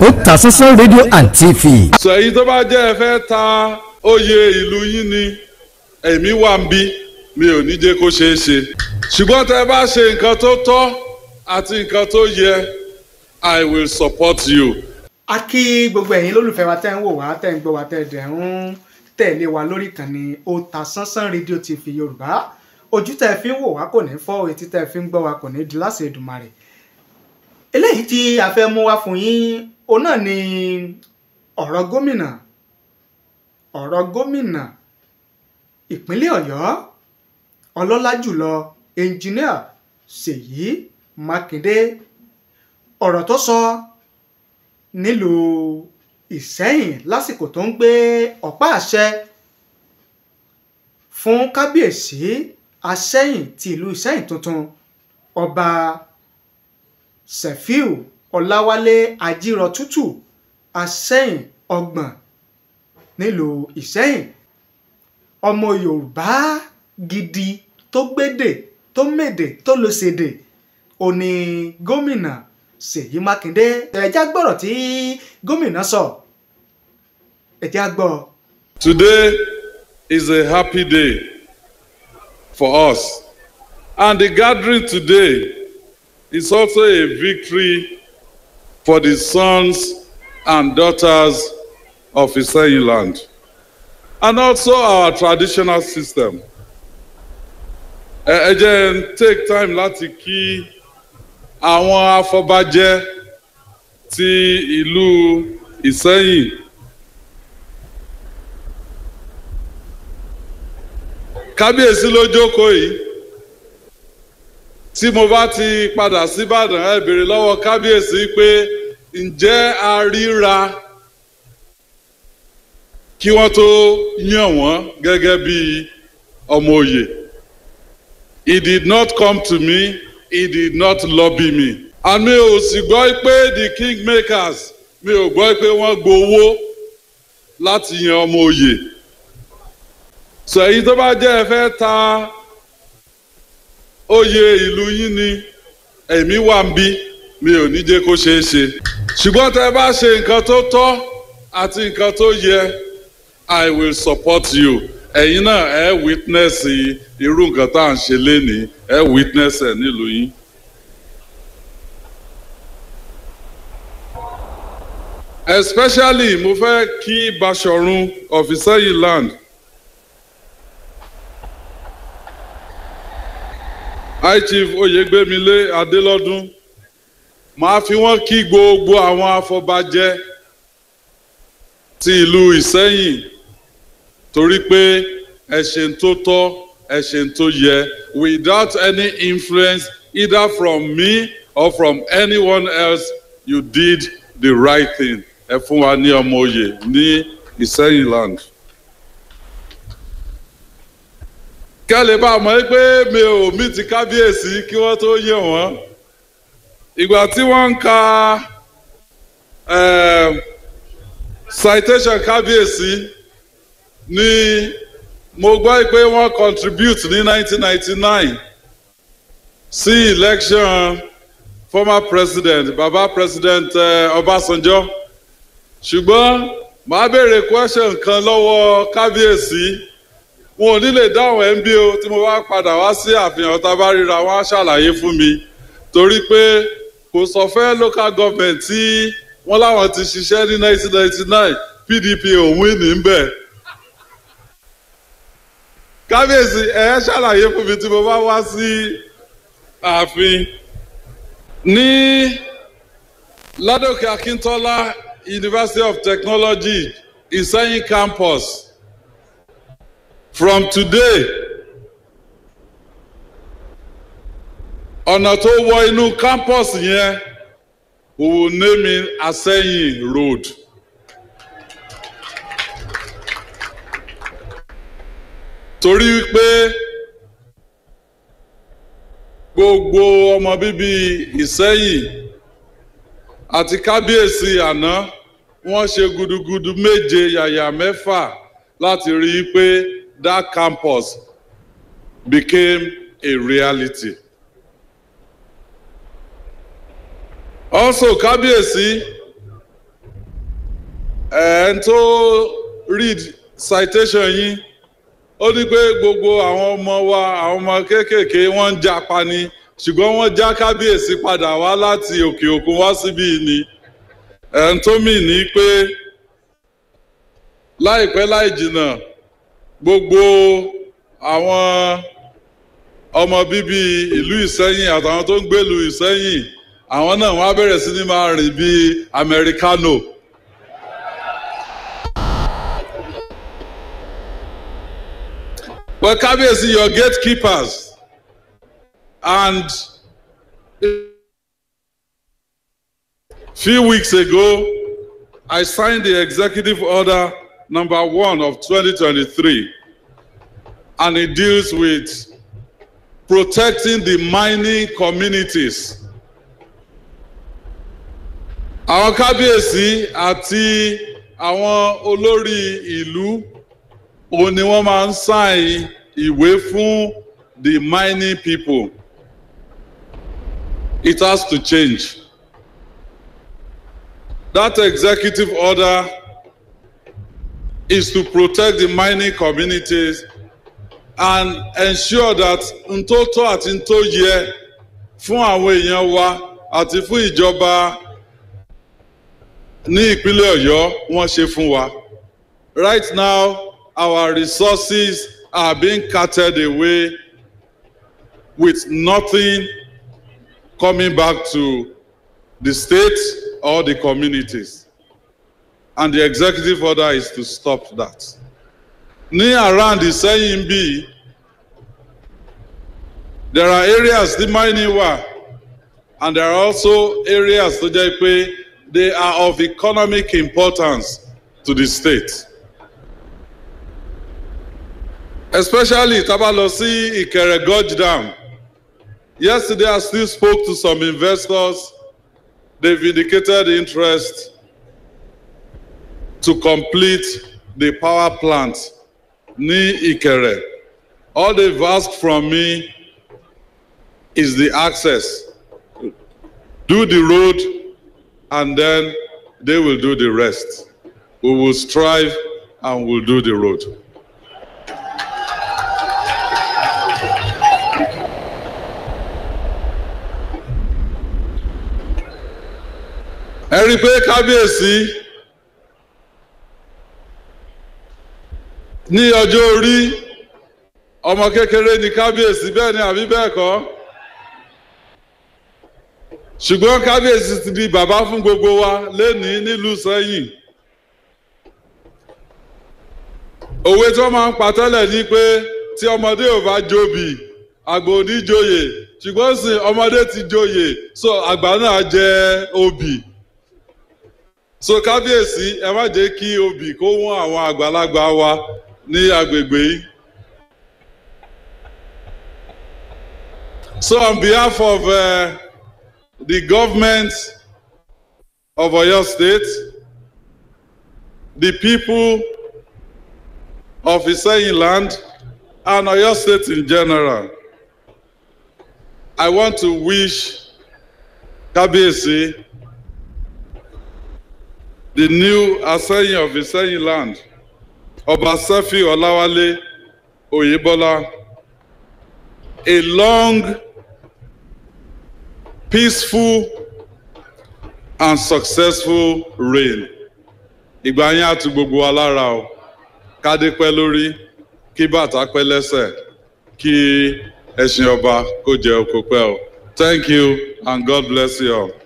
Otasansan rédíò and TV. sẹ́yìn tó bá jẹ́ ẹ fẹ́ ta oyè ìlú yín ni èmi wà ń bí mi ò ní jẹ́ kó ṣeé ṣe ṣùgbọ́n tẹ́ ẹ bá ṣe nǹkan tó tọ́ àti nǹkan tó yẹ I will support you. a kí gbogbo ẹ̀yin lólùfẹ́ wa tẹ́ ń wò wá tẹ́ ń gbọ́ wá tẹ́ dẹ̀ ń tẹ̀lé wa lórí ìkànnì Otasansan rédíò TV Yorùbá ojú tẹ́ fi ń wò wá kò ní fọ́ etí tẹ́ fi ń gbọ́ wá kò ní di láṣẹ Èdùmàrè eléyìí tí a fẹ́ mú wá fún yín òun náà ni ọ̀rọ̀ gómìnà ọ̀rọ̀ gómìnà ìpínlẹ̀ ọ̀yọ́ ọlọ́lá jùlọ ẹnjìníà ṣèyí mákindé ọ̀rọ̀ tó sọ nílùú ìṣẹ́yìn lásìkò tó ń gbé ọ̀pá àṣẹ fún kábíyèsí àṣẹ́yìn ti ìlú ìṣẹ́yìn tuntun ọba sefiu ọ̀làwálé àjírọ̀tútù àsẹ́yìn ọgbọ̀n nílùú ìsẹ́yìn ọmọ yorùbá gidi tó gbédè tó mèdè tó lọ òní gómìnà ṣèyí mákindé ẹ̀já gbọ́rọ̀ tí gómìnà sọ ẹ̀já gbọ́. today is a happy day for us and the gathering today is also a victory for the sons and daughters of Isailand, and also our traditional system. Ẹ take time láti kí àwọn afọbajẹ ti ìlú Ìsẹ́yìn. Kábíyèsí ló jókòó yìí tí mo bá ti padà sí Ìbàdàn ẹ béèrè lọ́wọ́ kábíyèsí pé ǹjẹ́ a ríra kí wọ́n tó yàn wọ́n gẹ́gẹ́ bí ọmọ òye. He did not come to me, he did not lobby me. Àmì ò sì gbọ́ pé the kingmakers mi ò gbọ́ pé wọ́n gbowó láti yan ọmọ òye. Sọ èyí tó bá jẹ́ ẹ fẹ́ ta oyè ìlú yín ni èmi wà ń bí mi ò ní jẹ́ kó ṣeé ṣe ṣùgbọ́n tẹ́ ẹ bá ṣe nǹkan tó tọ́ àti nǹkan tó yẹ i will support you ẹ̀yin náà ẹ witness irú nǹkan tá à ń ṣe lénìí ẹ witness ẹ̀ nílùú yín. especially mo fẹ́ kí Basọ̀run of Ìsẹ́yìn land. high chief Oyègbèmílé Adélọ́dún màá fi wọ́n kí gbogbo àwọn afọbajẹ ti ìlú Ìsẹ́yìn torí pé ẹ ṣe ń tó tọ́ ẹ ṣe ń tó yẹ without any influence either from me or from anyone else you did the right thing ẹ fún wa ní ọmọ oyè ní Ìsẹ́yìn land. kẹ́lẹ́ bá a mọ̀ pé mi ò mí ti kábíyèsí kí wọ́n tó yẹ wọ́n ìgbà tí wọ́n ń ka eh, citation kábíyèsí ni mo gbọ́ pé wọ́n contribute ní 1999 sí election former president baba president uh, Ọbásanjọ́ ṣùgbọ́n màá béèrè question kan lọ́wọ́ kábíyèsí wọn ò ní lè dáhùn ẹ̀ ń bí o tí mo bá padà wá sí àfihàn tá a bá ríra wọn á ṣàlàyé fún mi torí pé kò sọ fẹ́ local government tí wọ́n láwọn ti ṣiṣẹ́ ní 1999 PDP òun ní bẹ̀. kábíyèsí ẹ ṣàlàyé fún mi tí mo bá wá sí ààfin ní ládòkè akíntola University of Technology Ìsẹ́yìn campus from today. ọ̀nà tó wọ inú campus yẹn we will name it Asẹ́yìn road. torí pé gbogbo ọmọ bíbí Ìsẹ́yìn àti kábíyèsí àná wọ́n ṣe gudugudu méje yàyà mẹ́fà láti rí i pé that campus became a reality. also kábíyèsí ẹ̀ ń tó read citation yín ó ní pé gbogbo àwọn ọmọ wa àwọn ọmọ kéékèèké wọ́n ń japa ni ṣùgbọ́n wọ́n já kábíyèsí padà wá láti òkè òkun wá síbí ni ẹ̀ ń tó mì ní pé láìpẹ́ láì jìnnà gbogbo àwọn ọmọ bíbí ìlú Ìsẹ́yìn àtàwọn tó ń gbèlú Ìsẹ́yìn àwọn náà wọ́n á bẹ̀rẹ̀ sí ni máa rìn bíi americano. pé kábíyèsí your gatekeepers and few weeks ago I signed the executive order number one of 2023 and it deals with protecting the mining communities àwọn kábíyèsí àti àwọn olórí ìlú òun ni wọ́n máa ń sáìn ìwé fún the mining people it has to change that executive order is to protect the mining communities and ensure that ntótó àti ntóyẹ fún àwọn èèyàn wa àti fún ìjọba ní ìpínlẹ̀ ọ̀yọ́ wọ́n ṣe fún wa. Right now, our resources are being carted away with nothing coming back to the state or the communities. And the executive order is to stop that. Ní around the Ìṣẹ́yìn bí there are areas the mining wà and there are also areas tó jẹ́ pé they are of economic importance to the state. especially tabalosi Ikeregorge Dam. Yesterday, I still spoke to some investors. They've indicated interest to complete the power plant near Ikere. All they've asked from me is the access. Do the road and then they will do the rest. We will strive and we'll do the road. ẹ rí i pé kábíyèsí ní ọjọ́ orí ọmọ kékeré ni kábíyèsí bẹ́ẹ̀ ni àbí bẹ́ẹ̀ kọ́ ṣùgbọ́n kábíyèsí ti di bàbá fún gbogbo wa lénìí nílùú sẹ́yìn òwe tí wọ́n máa ń pa tẹ́lẹ̀ ni pé tí ọmọdé ò bá jobi àgbà ò ní joyè ṣùgbọ́n sìn ọmọdé ti joyè so àgbà náà jẹ́ obì so kábíyèsí ẹ má jẹ́ kí obì kó wọ́n àwọn àgbàlagbà wa ní agbègbè yìí. So on behalf of uh, the government of Oyo State, the people of Iseyin land, and Oyo State in general. I want to wish Kabiyesi, the new Aseyin of Iseyin land, Oba Olawale Oyebola, a long peaceful and successful reign ìgbà yẹn á tu gbogbo wa lára o kádé pẹ́ lórí kí bàtà pẹ́ lẹ́sẹ̀ kí ẹṣin ọba kó jẹ oko pẹ́ o thank you and God bless you all.